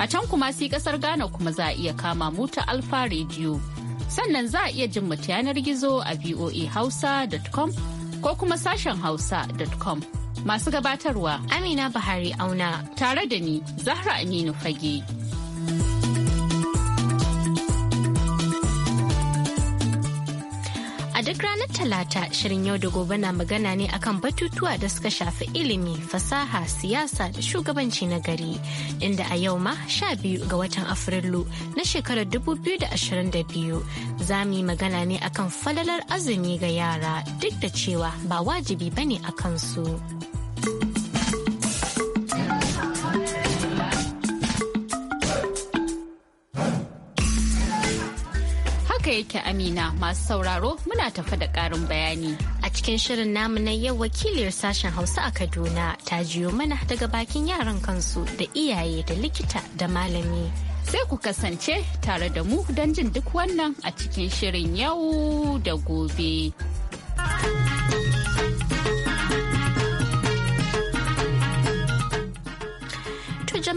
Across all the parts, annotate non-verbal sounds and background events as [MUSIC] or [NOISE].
A can kuma si kasar Ghana kuma za a iya kama mu ta Alfa Radio. Sannan za a iya jin mu yanar gizo a voahausa.com ko kuma sashen hausa.com. Masu gabatarwa Amina Buhari Auna. Tare da ni Zahra Aminu Fage. talata shirin yau da gobe na magana ne akan batutuwa da suka shafi ilimi, fasaha, siyasa da shugabanci na gari. Inda a yau ma sha biyu ga watan Afrilu na shekarar 2022 za mu yi magana ne akan falalar azumi ga yara duk da cewa ba wajibi bane a kansu. yake Amina masu sauraro muna tafa da ƙarin bayani. A cikin shirin namu na yau wakiliyar sashen Hausa a Kaduna ta jiyo mana daga bakin yaran kansu da iyaye da likita da malami. Sai ku kasance tare da mu don jin duk wannan a cikin shirin yau da gobe.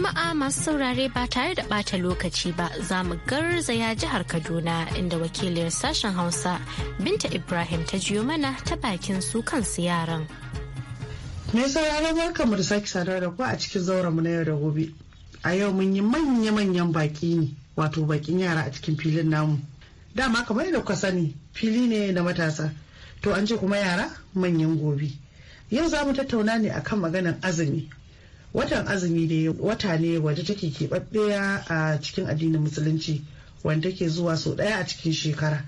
Jama'a masu saurare ba tare da bata lokaci ba za mu garzaya jihar Kaduna inda wakiliyar sashen Hausa Binta Ibrahim ta jiyo mana ta bakin su kansu yaran. Me sauraron mu da sake sadar da ku a cikin mu na yau da gobe. A yau mun yi manya-manyan baki ne wato bakin yara a cikin filin namu. Dama kamar da kuka sani fili ne na matasa. To an ce kuma yara manyan gobe. Yau za mu tattauna ne akan maganar azumi watan azumi dai wata ne wadda take keɓaɓɓiya a cikin addinin musulunci wanda ke zuwa sau ɗaya a cikin shekara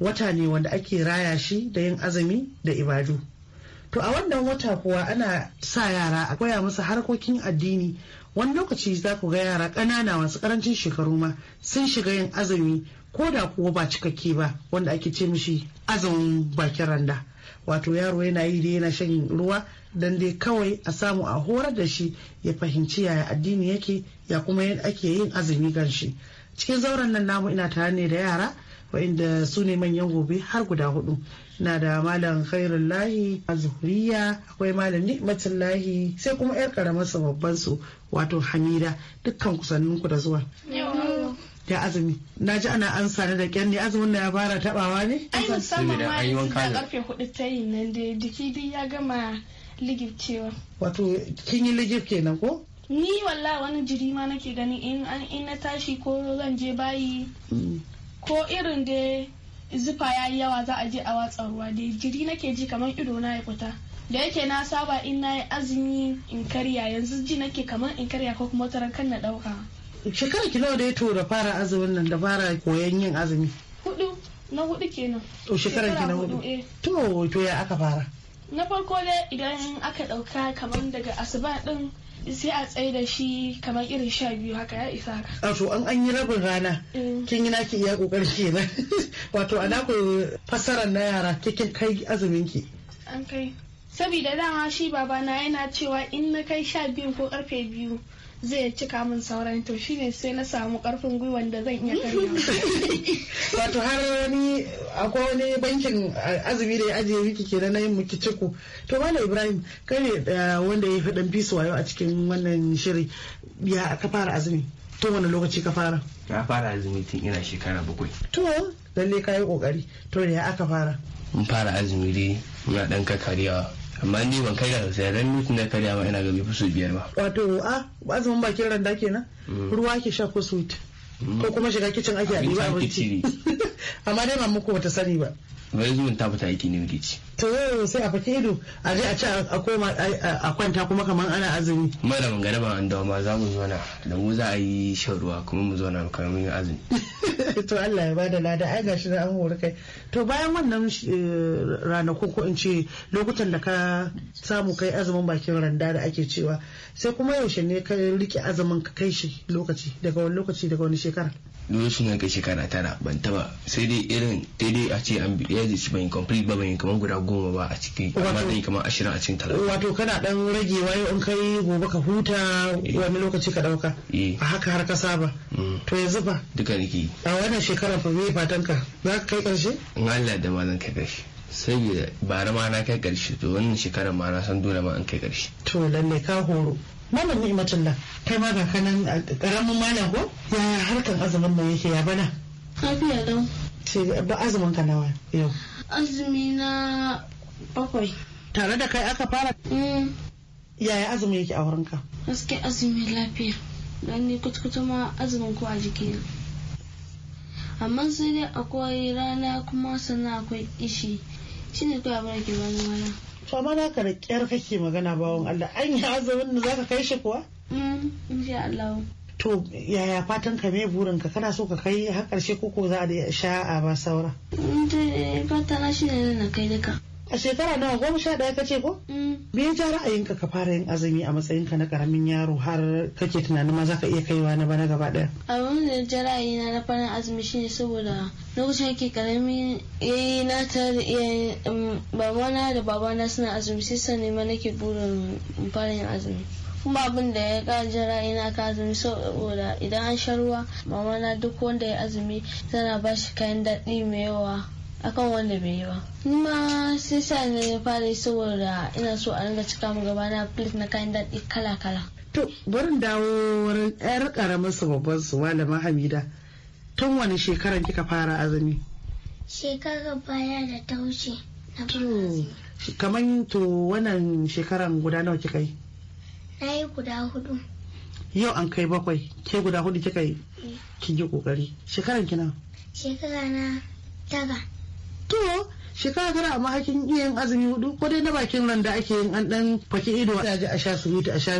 wata ne wanda ake raya shi da yin azumi da ibadu to a wannan wata kuwa ana sa yara a koya musu harkokin addini wani lokaci za ku ga yara ƙanana masu ƙarancin shekaru ma sun shiga yin azumi ko da kuwa ba cikakke ba wanda ake ce mishi azumin bakin randa wato yaro yana yi da yana shan ruwa dan dai kawai a samu a horar da shi ya fahimci yaya addini yake ya kuma ake yin azumi gan shi cikin zauren nan namu ina tare ne da yara wainda su ne manyan gobe har guda hudu na da malam khairullahi azhuriya akwai malam lahi sai kuma yar karamar babban su wato hamida dukkan kusanninku da zuwa ta azumi na ji ana an sani da kyan ne azumin na ya fara tabawa ne ai musamman ma karfe hudu ta yi nan da ya gama ligifcewa wato kin yi ligif kenan ko ni walla wani jiri ma nake gani in in na tashi ko zan je bayi mm. ko irin da zufa ya yi yawa za a je a watsa ruwa da jiri nake ji kamar ido na ya fita da yake na saba in na yi azumi in karya yanzu ji nake kamar in karya ko kuma tarakan na dauka shekara ki nawa da ya to fara azumin nan da fara koyon yin azumi hudu na hudu kenan to shekara ki na hudu to to ya aka fara eh. na farko dai idan aka dauka kamar daga asuba din sai a tsaye da shi kamar irin sha biyu haka ya isa haka. to an an yi rabin rana eh. kin yi naki iya kokari kenan. [LAUGHS] Wato ana ku fasara na yara kikin kai azumin ki. An kai. Sabida dama shi babana yana cewa in na kai sha biyu ko karfe biyu zai cika min sauran to shine sai na samu karfin gwiwan da zan iya karya [LAUGHS] wato har wani akwai wani bankin azumi da ya ajiye miki kenan na yin miki ciko to wani ibrahim kai ne eh, wanda ya fi dan fisu wayo a cikin wannan shiri ya ka fara azumi to wani lokaci ka fara ka fara azumi tun ina shekara bakwai to lalle ka yi kokari to ya aka fara mun fara azumi dai muna dan kakariya amma ni ban kai ga sai ran mutum na karya ma ina ga bai biyar ba wato a azumin bakin randa kenan mm. ruwa ke sha ko sweet mm. ko kuma shiga kicin ake a ba abinci [LAUGHS] amma dai ba muku wata sani ba bari zuwa ta fita aiki ne muke ci to yau sai a faki ido a je a ci a a kwanta kuma kamar ana azumi mai da mangana ba an dawo ma za mu zauna da mu za a yi shan ruwa kuma mu zauna kamar mun yi azumi [LAUGHS] to Allah ya ba da lada ai gashi da an hori kai to bayan wannan eh, ranakun ko in ce lokutan da ka samu kai azumin bakin randa da ake cewa sai kuma yaushe ne ka rike azumin ka kai shi lokaci daga wani lokaci daga wani shekara shi ne kai shekara tara ban taba sai dai irin daidai a ce an biya ji ban complete ba ban kamar guda goma ba a ciki amma dai kamar ashirin a cikin talatin wato kana dan rage wayo in kai gobe ka huta eh. wani lokaci ka dauka eh. a haka har ka saba mm. to yanzu ba duka nake a wannan shekarar fa me fatan ka za ka kai karshe in Allah da ma zan kai karshe Sai ba na ma na kai karshe to wannan shekarar ma na san dole ma an kai karshe to lalle ka horo malam ni'matullah kai ma ga kanan karamin malam ko yaya harkan azumin nan yake ya bana lafiya lau ce ba azumin ka nawa yau azumi na bakwai tare da kai aka fara mm. yaya azumi yake a wurinka gaske azumi lafiya don ni kutukutu ma azumin ko a jiki amma sai dai akwai rana kuma sannan akwai ishi shi ne tuwa mara ke wani wani to amma na da kyar kake magana bawon Allah an yi azumin da zaka kai shi kuwa mm, insha Allah to yaya fatan ka me burin ka kana so ka kai har karshe koko za a sha a ba saura mm, eh, fata na shi ne na kai duka a shekara nawa goma sha ɗaya kace ko? Mm. Me ya ja ra'ayinka ka fara yin azumi a matsayinka na karamin yaro har kake tunanin ma za ka iya kaiwa na bana gaba ɗaya? Abin da ja ra'ayina na fara azumi shine saboda lokacin yake karami yayi eh, na ta um, babana da babana suna azumi sai sa ne nake burin fara yin azumi. kuma abin da ya ja ra'ayina ka azumi saboda idan an sha ruwa mamana duk wanda ya azumi tana ba shi kayan daɗi mai yawa akan wanda bai yi ba kuma sai sa na fara saboda ina so a ringa cika mu gaba na plate na kayan daɗi kala kala to barin dawo wurin yar karamar su babban su malama hamida tun wani shekaran kika fara azumi shekarar baya da ta wuce na kamar to wannan shekaran guda nawa kika yi na yi guda hudu yau an kai bakwai ke guda hudu kika yi eh. kin yi kokari shekaran kina shekara na tara to shi ka gara a iya yin azumi hudu ko dai na bakin ran da ake yin an dan faki ido a ji a sha su a sha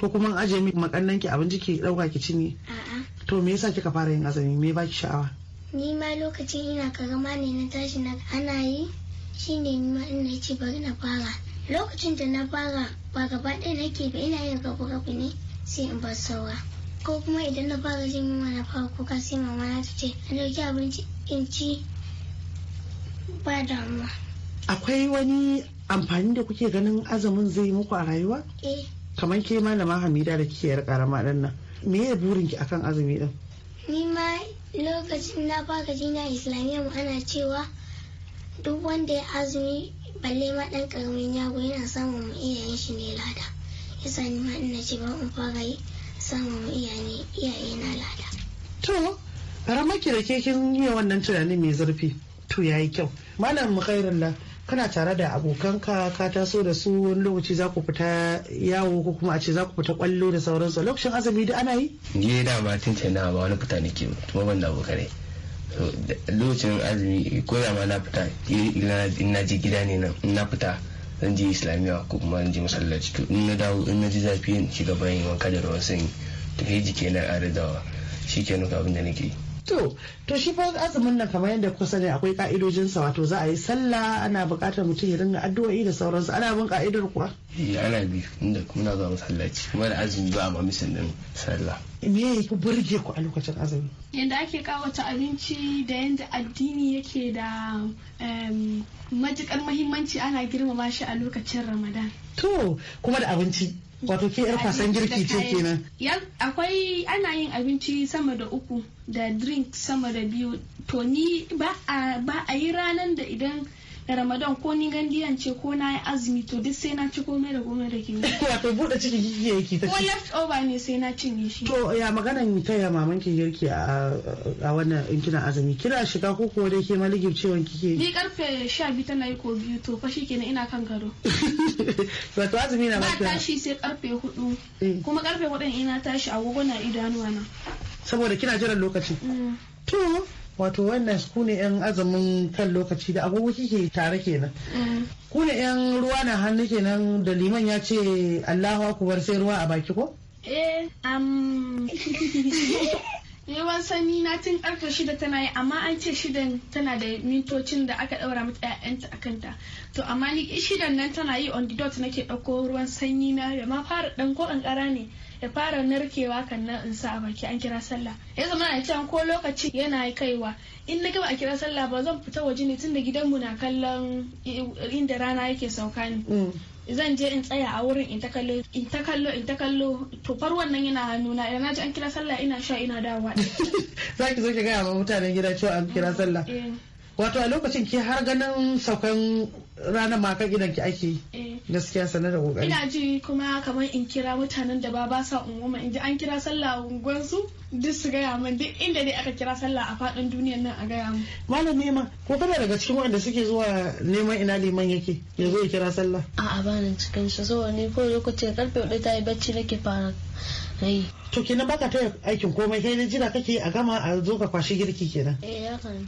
ko kuma an aje miki makannan ki abinci ki dauka ki cinye to me yasa kika fara yin azumi me baki sha'awa ni ma lokacin ina karama ne na tashi na ana yi shine ni ma ina ce bari na fara lokacin da na fara ba gaba ɗaya nake ba ina yin rabu rabu ne sai in bar saura ko kuma idan na fara jin yunwa na fara kuka sai mama na ta ce na dauki abinci in ci Ba damuwa. Akwai wani amfani da kuke ganin azumin zai yi muku a rayuwa? Eh. Kamar ke malama Hamida da kike yar karama din nan. Me ya burin ki akan azumi din? Ni ma lokacin na fara jina Islamiyya mu ana cewa duk wanda ya azumi balle ma dan karamin yago yana samun mu iyayen shi ne lada. Yasa ni ma ina ce ba in fara yi samun mu iyaye na lada. To, rama ki da ke kin yi wannan tunanin mai zurfi. to yi kyau malam la kana tare da abokanka ka taso da su wani lokaci za ku fita yawo ko kuma a ce za ku fita kwallo da sauransu lokacin azumi da ana yi ni da ba tun ce na ba wani fita nake kuma ban da abokanai lokacin azumi ko da ma na fita in na je gida ne nan na fita zan je islamiyya ko kuma zan je masallaci to in na dawo in na ji zafi ci gaba yin wanka da ruwan sanyi to kai jike na ƙara shi ke nuka abin da nake yi To, to shi fa azumin nan kamar yadda kuka sani akwai sa wato za a yi sallah ana buƙatar mutum ya dinga addu'o'i da sauransu ana bin ka'idar kuwa? Eh ana bi inda kuma na mu sallaci kuma da azumi ba amma misin din sallah. Me ya ku burge ku a lokacin azumi? Yanda ake kawata abinci da yanda addini yake da matukar muhimmanci ana girmama shi a lokacin Ramadan. To, kuma da abinci wato ke yar kwasan girki ce kenan akwai ana yin abinci sama da uku da drink sama da biyu to ni ba a yi ranar da idan da ramadan ko ni gandiyan ce ko na yi azumi to duk sai na ci komai da komai da ke ne [LAUGHS] wato bude ciki ya yake ta ko left over ne sai na cinye shi to ya maganan ta ya maman ki girki a wannan in kina azumi kina shiga ko kuma dai ke maligib ciwon kike ni karfe sha biyu tana yi ko biyu to fa kenan ina kan gado [LAUGHS] wato azumi na ba tashi sai karfe hudu eh. kuma karfe hudu ina tashi agogo na idanuwa na saboda kina jiran lokaci mm. to wato wannan ku ne yan azumin kan lokaci da agogo kike tare kenan mm. ku yan ruwa na hannu kenan da liman ya ce Allahu akubar sai ruwa a baki ko eh am yawan [LAUGHS] eh, sani na tun karfe shida tana yi amma an ce shidan tana da mintocin da aka daura mata yayanta a kanta to amma ni shidan nan tana yi on the dot nake ɗauko ruwan sanyi na da ma fara ɗan ko kankara ne ya fara narkewa kan na in sa a baki an kira sallah ya zama na can ko lokaci yana kaiwa in na gaba a kira sallah ba zan fita waje ne tunda gidanmu na kallon inda rana yake sauka ne mm. zan je in tsaya a wurin in ta kallo in ta kallo to far wannan yana hannuna na yana ji an kira sallah ina sha ina dawowa [LAUGHS] za ki zo ki gaya ma mutanen gida cewa an kira mm, sallah eh. wato a lokacin ke har ganin saukan ranar ma ka gidan ki ake eh. gaskiya sana da kokari ina ji kuma kamar in kira mutanen da ba ba sa umuma in ji an kira sallah unguwan su duk su gaya min duk inda dai aka kira sallah a fadin duniyar nan a gaya min malam neman ko kana daga cikin wanda suke zuwa neman ina liman yake ya zo ya kira sallah a'a ba nan cikin shi zuwa ne ko lokaci karfe 4 ta yi bacci nake fara yi to kenan baka ta aikin komai kai ne jira kake a gama a zo ka kwashi girki kenan eh hakan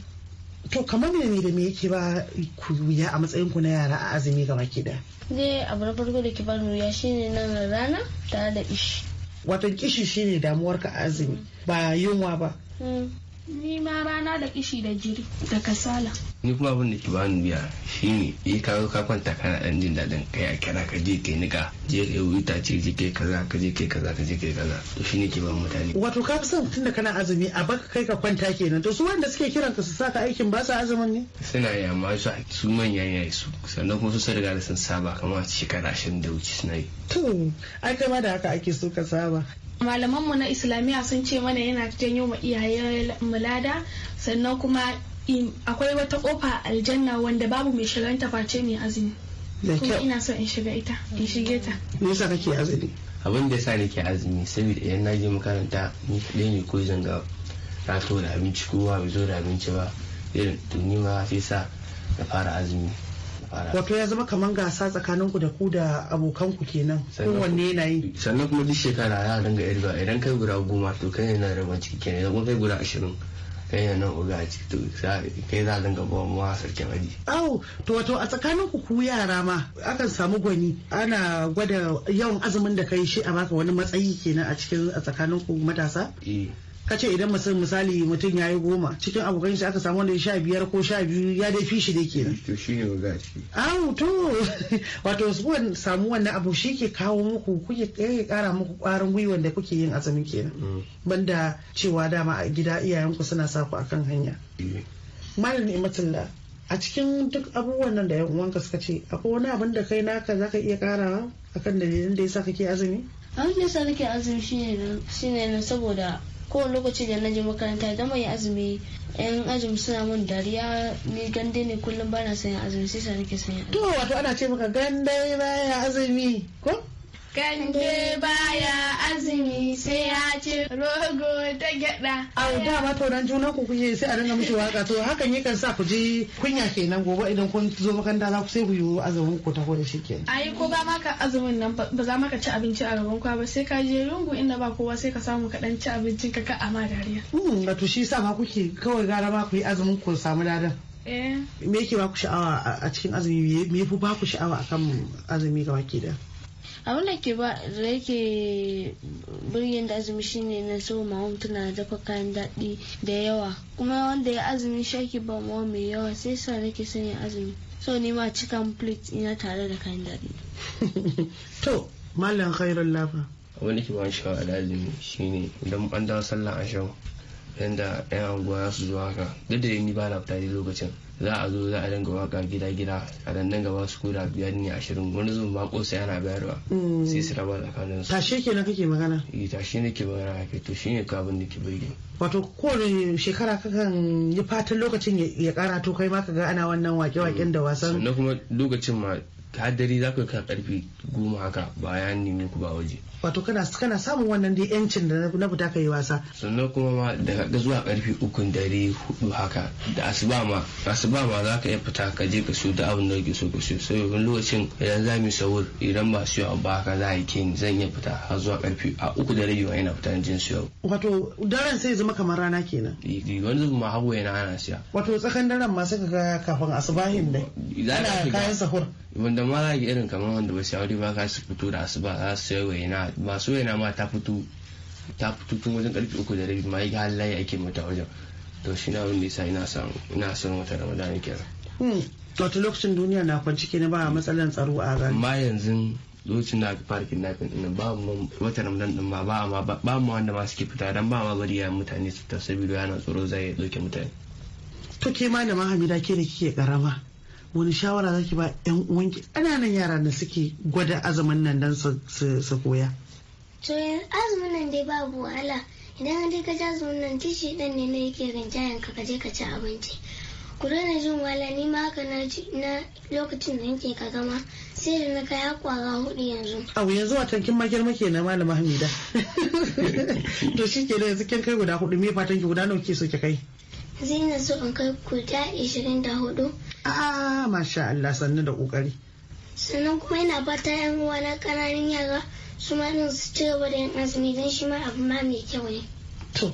to kamar ne ne da me yake ba ku wuya a matsayin ku na yara a azumi ga baki daya ne abu na farko da ke ba wuya shine nan rana tare da ishi wato kishi shine damuwar ka azumi ba yunwa ba mm. Ni ma rana da kishi da jiri da kasala. Ni kuma abin da ke bani biya shine ne. Eh, ka zo ka kwanta kana dan jin dadin kai a kira ka je kai nika je kai wuta ce je kai kaza ka je kai kaza ka je kai kaza to shine ke ban mutane. Wato ka fi son tunda kana azumi a baka kai ka kwanta kenan to su wanda suke kiran ka su saka aikin ba sa azumin ne? Suna yi amma su su manya yayi su sannan kuma su sun riga da sun saba kamar shekara ashirin da wuce suna yi. To ai kama da haka ake so ka saba malamanmu na islamiyya sun ce mana yana janyo ma iyaye mulada sannan kuma akwai wata kofa aljanna wanda babu mai ta face mai azumi kuma ina so in shiga ita in shige ta me yasa kake azumi abin da yasa nake azumi saboda idan na je makaranta ni kadai ne ko zanga na da abinci kowa bai zo da abinci ba irin tunima sai sa na fara azumi wato ya zama kamar gasa tsakanin ku da ku da abokan ku kenan kowanne yana yi sannan kuma duk shekara ya ringa irga idan kai guda goma to kai yana rabon ciki kenan idan kai guda ashirin kai yana uga a ciki to kai za a dinga ba mu sarkin aji awo to wato a tsakanin ku ku yara ma akan samu gwani ana gwada yawan azumin da kai shi a baka wani matsayi kenan a cikin a tsakanin ku matasa eh ka ce idan mutum misali mutum ya yi goma cikin abokan shi aka samu wanda ya sha biyar ko sha biyu ya dai fi shi dai kenan. To shine ga to [LAUGHS] wato su samu wannan abu shi ke kawo muku kuke kai eh, kara muku kwarin gwiwa da kuke yin azumi kenan. Mm. Banda cewa dama a gida iyayenku suna sa ku akan hanya. Eh. Malam Imatullah a cikin duk abubuwan nan da yan uwanka suka ce akwai wani abin da kai naka zaka iya karawa akan dalilin da yasa kake azumi? Abin da yasa nake azumi shine nan saboda kowane lokaci da na je makaranta ya mai ya azumi yan azumi suna mun dariya ni gande ne kullum bana sanya azumi sai sa nake sanya to wato ana ce maka gande baya azumi ko Kande baya azumi sai ya ci rogo da gyada. A da ma tauran juna ku kuke sai a dinga miki waka to hakan yakan sa ku je kunya kenan gobe idan kun zo makaranta za ku sai ku yi azumin ku ta shi kenan. Ai ko ba ma ka azumin nan ba za ma ka ci abinci a gaban kwa ba sai ka je rungu inda ba kowa sai ka samu ka dan ci abincin ka ka ama dariya. Hmm to shi sa ma kuke kawai gara ma ku yi azumin ku samu ladan. Eh. Me yake ba ku sha'awa a cikin azumi me yafi ba ku sha'awa kan azumi ga ke abinda da ke ba da yake birgin da azumi shine na so mawam tana dafa kayan daɗi da yawa kuma wanda ya azumi shaki ba mawa mai yawa sai sa nake son yin azumi so ni ma cikan plate ina tare da kayan daɗi [LAUGHS] to mallam khairul lafa abin da ke ban sha'awa da azumi shine idan an dawo sallah a shau yanda yan anguwa su zuwa haka duk da ni ba na fita lokacin za a zo za a dinga waka gida gida a dan dinga ba su koda biyar ne ashirin wani zuwa ma kosa yana bayarwa mm. sai su raba tsakanin su tashe kenan kake magana eh, tashi ne ke magana haka to shine kabin da ke birgi wato kowane shekara kakan yi fatan lokacin ya kara to kai ma ka ga ana wannan wake-waken da wasan sannan kuma lokacin ma haddari za ku yi karfi goma haka ba ya nemi ku ba waje. Wato kana samun wannan da yancin da na fita ka yi wasa. Sannan kuma ma daga zuwa karfi ukun dare hudu haka da asuba ma asuba ma za ka iya fita ka je ka siyo da abin da kake so ka siyo sai wani lokacin idan za mu sahur idan ba siyo ba haka za a yi kin zan iya fita har zuwa karfi a uku da rabi ina fita jin yau. Wato daren sai zama kamar rana kenan. Wani zubin ma hagu yana ana siya. Wato tsakan daren ma sai ka ga kafin asubahin dai. Ana kayan sahur. Wanda da ma za irin kamar wanda ba su aure ba ka su fito da asuba za su sayo waina masu waina ma ta fito ta fito tun wajen karfe uku da rabi ma ya halaye ake mata wajen to shi na wani nisa ina son ina son wata ramadan kenan wato hmm. lokacin duniya na kwanci kenan ba matsalan tsaro a ran ma yanzu lokacin na fara kidnapping ina ba mu wata ramadan din ma ba ma ba mu wanda ma suke fita dan ba ma bari ya mutane su ta saboda yana tsoro zai ya dauke mutane to ke ma Hamida ke da kike karama wani shawara zaki ba yan uwanki ƙananan yara da suke gwada azumin nan don su koya to azumin nan dai babu wahala idan an ka ji azumin nan tishi dan ne na yake rinjayen ka kaje ka ci abinci ku na jin wahala ni ma haka na lokacin da yake ka gama sai da na kaya kwara hudu yanzu. abu yanzu a tankin ma girma ke na malama Hamida. [LAUGHS] To shi ke da yanzu kin kai guda hudu me fatan ki guda nawa ke so ki kai? Zai na so in kai guda ishirin da hudu. masha Allah sannu da kokari sannan kuma yana fata yan uwa na kananan yara su ma su ci gaba da yin azumi don shi ma abu ma mai kyau ne to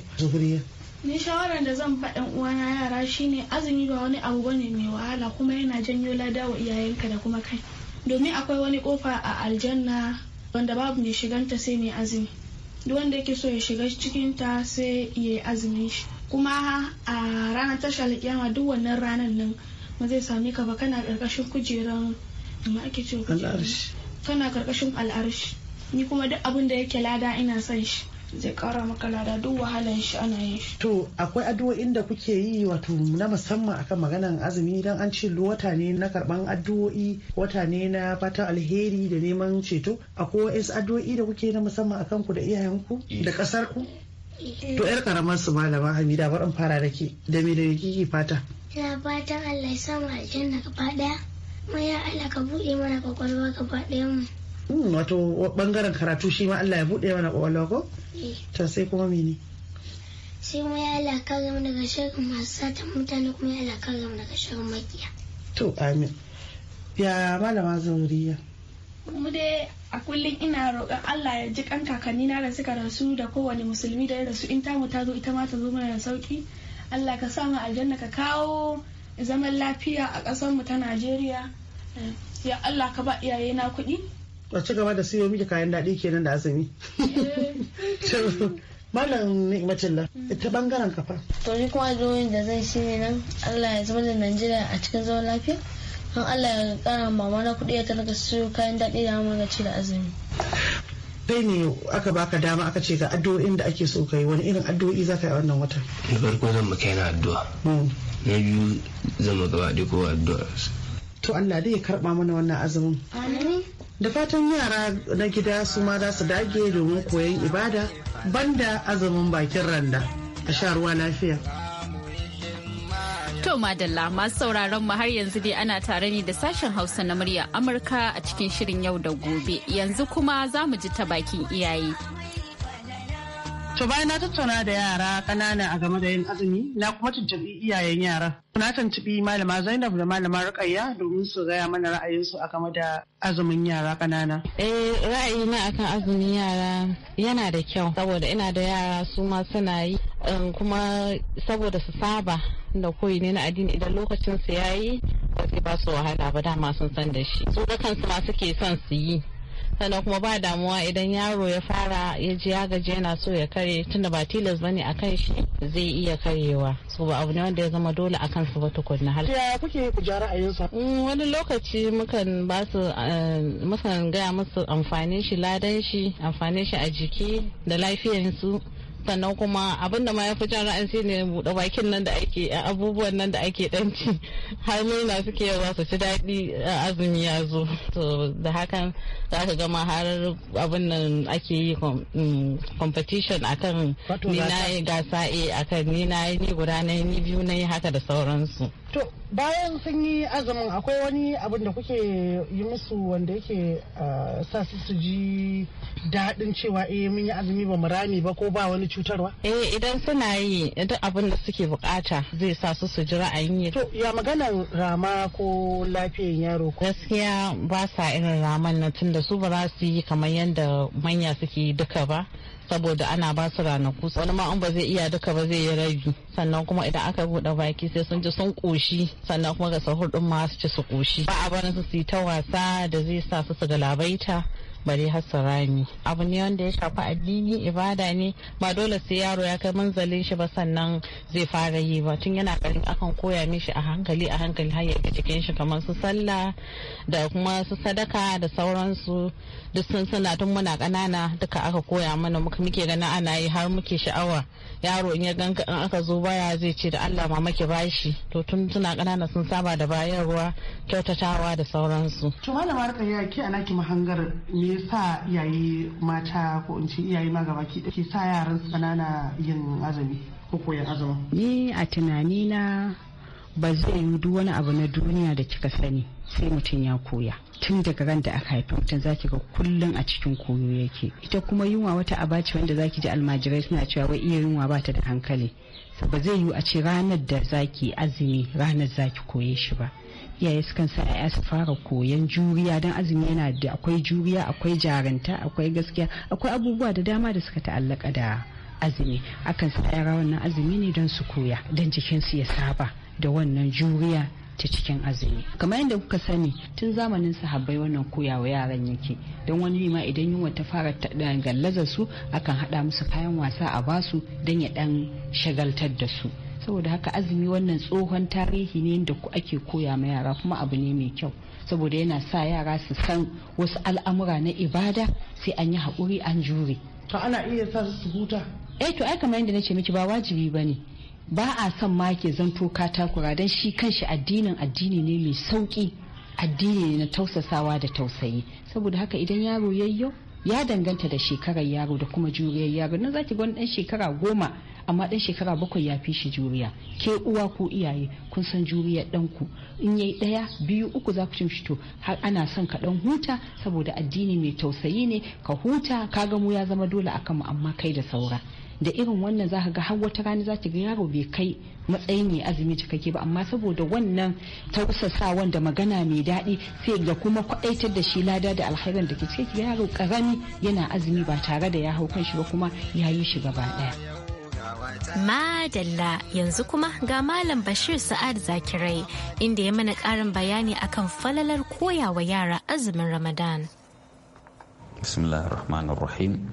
ni shawarar da zan faɗin na yara shine azumi ba wani abu bane mai wahala kuma yana janyo lada wa iyayenka da kuma kai domin akwai wani kofa a aljanna wanda babu mai shiganta sai mai azumi duk wanda yake so ya shiga cikin ta sai ya yi azumin shi kuma a ranar tashar kiyama duk wannan ranar nan ba zai same ka ba kana karkashin kujeran amma ake cewa kana karkashin al'arshi ni kuma duk abin da yake lada ina son shi zai kara maka lada duk wahalan shi ana yin shi to akwai addu'o'in da kuke yi wato na musamman akan maganan azumi dan an ce wata ne na karban addu'o'i wata ne na fatan alheri da neman ceto akwai wasu addu'o'i da kuke na musamman akan ku da iyayenku eh. da kasar ku eh. to yar karamar su malama hamida bar in fara da ke da me da kike fata ina fatan allah ya samu aljanna gaba daya kuma ya allah ka buɗe mana kwakwalwa gaba ɗayan mu hmm, wato bangaren karatu shi ma allah ya buɗe mana kwakwalwa ko eh. ta sai kuma mene sai kuma ya allah ka gama daga shirin masu satan mutane kuma ya allah ka gama daga shirin makiya to amin ya malama zauriya mu dai a kullum ina roƙon Allah ya ji kan kakanni na da suka rasu da kowane musulmi da ya rasu in tamu ta zo ita ma ta zo mana da sauki Allah ka samu aljanna ka kawo zaman lafiya a ƙasar mu ta Najeriya ya Allah ka ba iyaye na kuɗi a ci gaba da siyo miki kayan daɗi kenan da azumi eh. [LAUGHS] malam ni'imacin ta bangaren kafa to ni kuma addu'o'in da zai shi ne nan Allah ya zama da Najeriya a cikin zaman lafiya kan Allah ya kara mama na kuɗi ya talaka siyo kayan daɗi da amma ci da azumi kai ne aka baka dama aka ce ga addu'o'in da ake so kai wani irin addu'o'i za ka yi wannan watan na farko zan maka yana addu'a hmm. na biyu zan maka ba da kowa addu'a to Allah dai ya karba mana wannan azumin da fatan yara na gida su ma za su dage domin koyon ibada banda azumin bakin randa a sha ruwa lafiya To madalla masu sauraron mu har yanzu dai ana tare ne da sashen Hausa na murya Amurka a cikin shirin yau da gobe. Yanzu kuma za mu ji ta bakin iyaye. To bayan na tattauna da yara kanana a game da yin azumi na kuma tuntubi iyayen yara. Na tuntubi malama Zainab da malama Rukayya domin su gaya mana ra'ayinsu a game da azumin yara ƙanana. Eh ra'ayina akan azumin yara yana da kyau saboda ina da yara su ma suna yi um, kuma saboda su saba da koyi ne na addini idan lokacin su yayi ba su wahala ba dama sun san da shi. Su da kansu ma suke son su yi sannan kuma ba damuwa idan yaro ya fara ya ji ya gaji yana so ya kare tunda ba tilas bane a kan shi zai iya karewa so ba abu ne wanda ya zama dole a kansu ba tukunna har ya kuke ku ja ra'ayinsa mm, wani lokaci mukan ba su eh, mukan gaya musu amfanin shi ladan shi amfanin shi a jiki da su. sannan kuma abin da ma ya fi jan ra'ayin shi ne buɗe bakin nan da ake eh, abubuwan nan da ake ɗanci [LAUGHS] har nuna suke yau su ci daɗi eh, azumi ya zo to da hakan za ka gama har abin nan ake yi mm, competition akan ni na yi gasa e eh, akan ni na yi ni guda na yi ni biyu na yi haka da sauransu To bayan sun yi azumin akwai wani abin da kuke yi musu wanda yake ah, sa su ji daɗin cewa eh mun yi azumi ba mu rami ba ko ba wani cutarwa? Eh idan suna yi duk abin da suke bukata zai sa su su ji ra'ayin yi. To ya maganar rama ko lafiyan yaro ko? Gaskiya ba sa irin raman na tunda su ba za su yi kamar yadda manya suke duka ba. saboda ana ba su ranaku wani ma in ba zai iya duka ba zai yi rabi sannan kuma idan aka buɗe baki sai sun ji sun koshi sannan kuma ga sahur ɗin ma su ci su koshi ba a barin su su yi ta wasa da zai sa su su galabaita bari hasarani abu ne wanda ya shafi addini ibada ne ba dole sai yaro ya kai manzalin shi ba sannan zai fara yi ba tun yana karin akan koya mishi a hankali a hankali har ya cikin shi kamar su sallah da kuma su sadaka da sauransu duk sun suna tun muna kanana duka aka koya mana muke ganin ana yi har muke sha'awa yaro in ya gan in aka zo baya zai ce da Allah ma muke bashi to tun suna kanana sun saba da bayarwa kyautatawa da sauransu to malama ya ki ana ki mahangar ne. sa yasa iyaye mata ko in ce iyaye ma gaba ke sa yaran tsanana yin azumi ko koyan azumi ni a tunani na ba zai yi duk wani abu na duniya da kika sani sai mutum ya koya tun daga ran da aka haifi mutum zaki ga kullum a cikin koyo yake ita kuma yunwa wata abaci wanda zaki ji almajirai suna cewa wai iya yunwa ba ta da hankali ba zai yi a ce ranar da zaki azumi ranar zaki koye shi ba iyaye sukan sa ya su fara koyan juriya don azumi yana da akwai juriya akwai jaranta akwai gaskiya akwai abubuwa da dama da suka ta'allaka da azumi akan sa yara wannan azumi ne don su koya don jikinsu ya saba da wannan juriya ta cikin azumi kamar yadda kuka sani tun zamanin sahabbai wannan koyawa yaran yake don wani nema idan yunwa ta fara eh, gallazar su akan hada musu kayan wasa a basu don ya dan shagaltar da su saboda haka azumi wannan tsohon tarihi ne da ake koya ma yara kuma abu ne mai kyau saboda yana sa yara su san wasu al'amura na ibada sai an yi haƙuri an jure to ana iya sa su huta eh to ai kamar yadda ce miki ba wajibi ba ne ba a son ma ke zanto katakura don shi kanshi addinin addini ne mai sauki addini ne na tausasawa da tausayi saboda haka idan yaro yayyo ya danganta da shekarar yaro da kuma juriyar yaro nan zaki ga wani dan shekara goma amma dan shekara bakwai ya fi shi juriya ke uwa ko iyaye kun san juriyar ɗanku in yayi ɗaya biyu uku za ku ci to har ana son ka ɗan huta saboda addini mai tausayi ne ka huta ka ga mu ya zama dole akan mu amma kai da saura da irin wannan za ka ga har wata rana za ta ga yaro bai kai matsayin ne azumi cikakke ba amma saboda wannan tausasa da magana mai daɗi sai ga kuma kwaɗaitar da shi lada da alhairan da ke cike yaro karami yana azumi ba tare da ya hau kan shi ba kuma ya yi shi gaba ɗaya. Madalla yanzu kuma ga Malam Bashir Sa'ad Zakirai inda ya mana ƙarin bayani akan falalar koyawa yara azumin Ramadan. Bismillahirrahmanirrahim.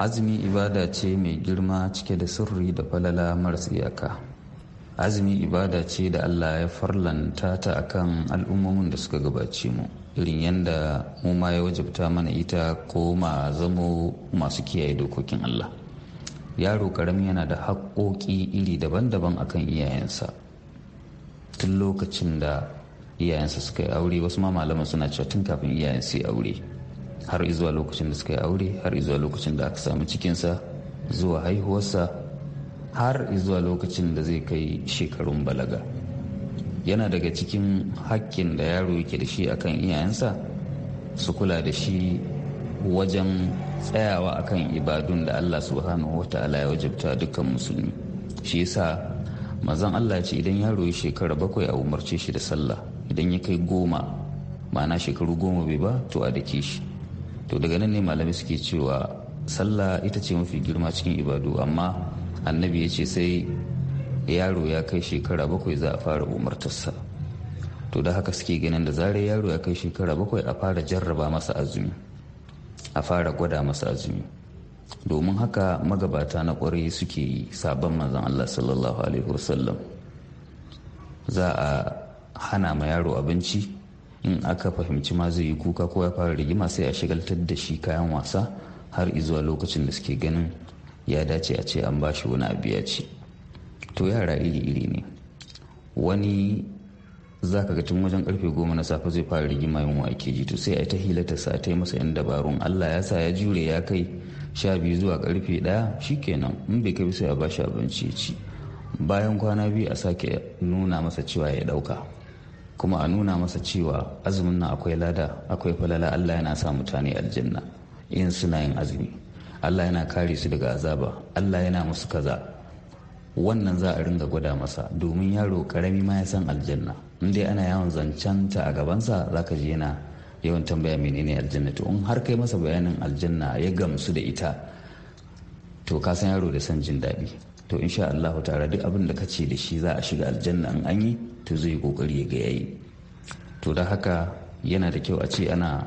Azumi ibada ce mai girma cike da sirri da falala maras iyaka. Azumi ibada ce da Allah ya farlanta ta akan al'ummomin da suka gabace mu. irin yadda mu ma ya wajabta mana ita ko ma zamo masu kiyaye dokokin Allah. yaro karami yana da haƙoƙi iri daban-daban akan iyayensa tun lokacin da iyayensa suka yi aure wasu ma malaman suna cewa tun kafin iyayen su yi aure har izuwa lokacin da suka yi aure har izuwa lokacin da aka samu cikinsa zuwa haihuwarsa har zuwa lokacin da zai kai shekarun balaga yana daga cikin hakkin da yaro yake da shi akan iyayensa su kula da shi wajen tsayawa akan ibadun da Allah subhanahu wa ta'ala ya wajabta dukkan musulmi shi yasa mazan Allah ce idan yaro ya shekara bakwai a umarce shi da sallah idan ya kai goma mana shekaru goma bai ba to a dake shi to daga nan ne malamai suke cewa sallah ita ce mafi girma cikin ibadu amma annabi ya ce sai yaro ya kai shekara bakwai za a fara umartarsa to da haka suke ganin da zarar yaro ya kai shekara bakwai a fara jarraba masa azumi a fara gwada masa azumi domin haka magabata na kwarai suke yi sabon mazan Allah sallallahu alaihi wasallam za a hana ma yaro abinci in aka fahimci ma zai yi kuka ko ya fara rigima sai a shigaltar da shi kayan wasa har izuwa lokacin da suke ganin ya dace a ce an bashi wani abu ya ce. to yara iri-iri ne wani za ka ga tun wajen karfe goma na safe zai fara rigima yin wake ji to sai a ta hilata sa ta yi masa yan dabarun allah ya sa ya jure ya kai sha biyu zuwa karfe daya kenan in bai kai sai a ba shi abinci ya ci bayan kwana biyu a sake nuna masa cewa ya dauka kuma a nuna masa cewa azumin nan akwai lada akwai falala allah yana sa mutane aljanna in suna yin azumi allah yana kare su daga azaba allah yana musu kaza wannan za a ringa gwada masa domin yaro karami ma ya san aljanna in dai ana yawan zancen ta a gabansa zaka ji yana yawan tambaya menene aljanna to in har kai masa bayanin aljanna ya gamsu da ita to ka san yaro da san jin daɗi to insha Allah ta'ala duk abin da ka ce da shi za a shiga aljanna in an yi to zai yi kokari ya ga yayi to da haka yana da kyau a ce ana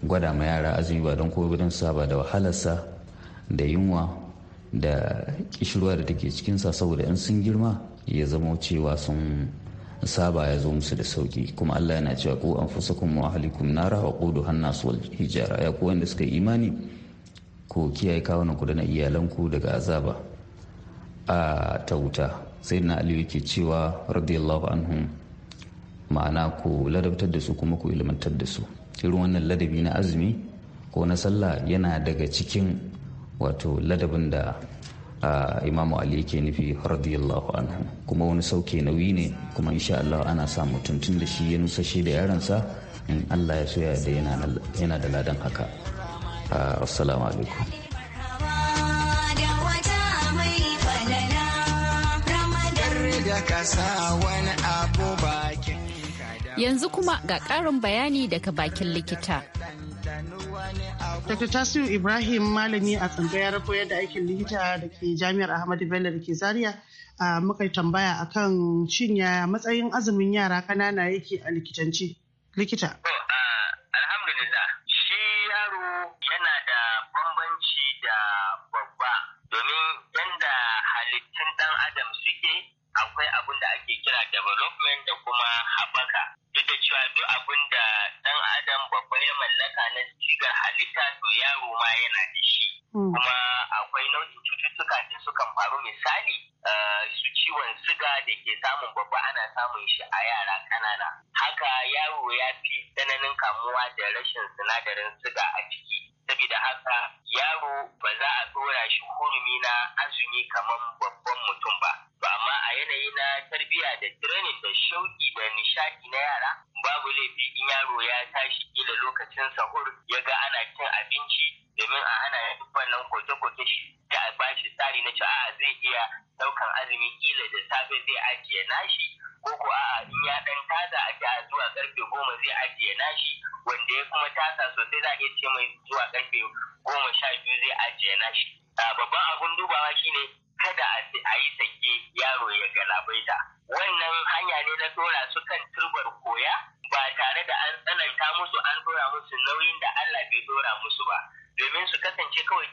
gwada ma yara azumi ba don koyo don saba da wahalarsa da yunwa da kishirwa da take cikinsa saboda in sun girma ya zama cewa sun saba ya zo musu da sauki kuma Allah yana cewa ku anfusakum wa ahlikum nara wa qudu an wal hijara ya ku wanda suka imani ko kiyaye kawunan ku da na iyalanku daga azaba a ta wuta sai na Ali yake cewa radiyallahu anhum ma'ana ku ladabtar da su kuma ku ilmantar da su irin wannan ladabi na azumi ko na sallah yana daga cikin wato ladabin da imamu ali yake nufi radiyallahu anhu kuma wani sauke nauyi ne kuma insha Allah ana sa mutum tun da shi ya nusashe da yaransa in Allah ya soya da yana da ladan haka assalamu alaikum Yanzu kuma ga ƙarin bayani daga bakin likita. Dr. Tasiu Ibrahim malami a tsangayar koyar da aikin likita da ke jami'ar Ahmadu Bello da ke Zaria muka tambaya akan shin ya matsayin azumin yara kanana yake a likitanci likita. Alhamdulillah shi yaro yana zuwa karfe goma zai ajiye nashi wanda ya kuma tasa sosai za a iya ce mai zuwa karfe goma sha biyu zai ajiye nashi babban abun dubawa shine kada a yi sake yaro ya galabaita wannan hanya ne na dora su kan turbar koya ba tare da an tsananta musu an dora musu nauyin da Allah bai dora musu ba domin su kasance kawai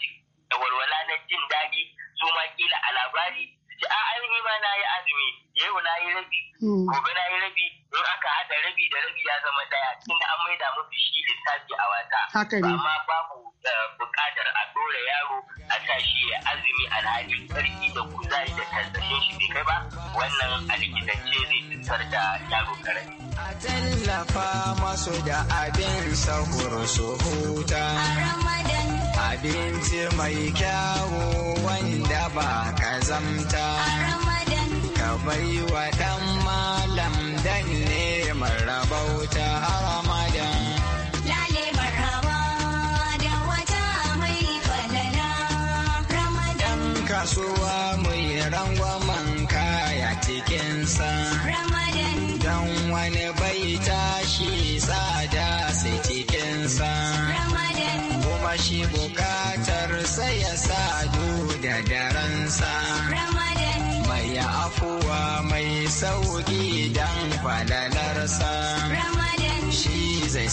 da walwala na jin daɗi su ma kila a labari a ainihi ma na yi azumi yau na yi rabi hmm. gobe na yi rabi in aka haɗa rabi da rabi ya zama ɗaya tunda an da mafi shi lissafi a wata ma babu eh, buƙatar a ɗora yaro a tashi ya azumi alhali sarki da kuzari da tazzashin shi bai kai ba wannan a likitance zai cutar da yaro karami. a tallafa masu da abin sahur su huta abinci mai kyawu wanda ba azamta ka baiwa dan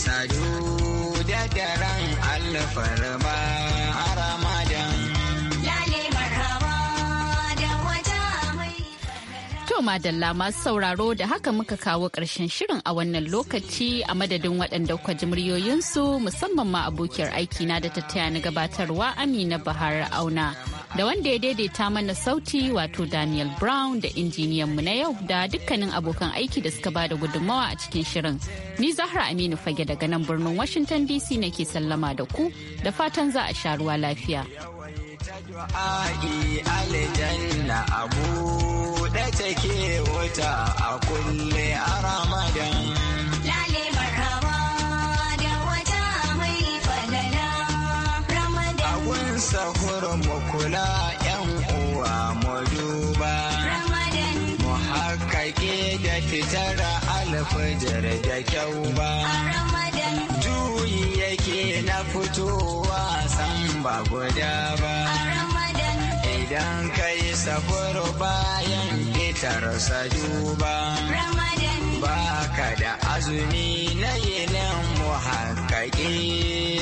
sadu da daren alfarma madalla masu sauraro da haka muka kawo ƙarshen shirin a wannan lokaci a madadin waɗanda kwa ji musamman ma abokiyar aiki na da tattaya na gabatarwa Amina Bahar Auna. Da wanda ya daidaita mana sauti wato Daniel Brown da injiniyan mu na yau da dukkanin abokan aiki da suka bada gudunmawa a cikin shirin. Ni Zahra Aminu Fage daga nan birnin Washington DC nake sallama da ku da fatan za a sha ruwa lafiya. take wata a kulle a ramadan sahur mu kula yan uwa mu ramadan mu da fitar alfajar da kyau ba ramadan juyi yake na fitowa san ba guda ba idan kai sahur bayan ta rasa duba ba da azumi na yinin mu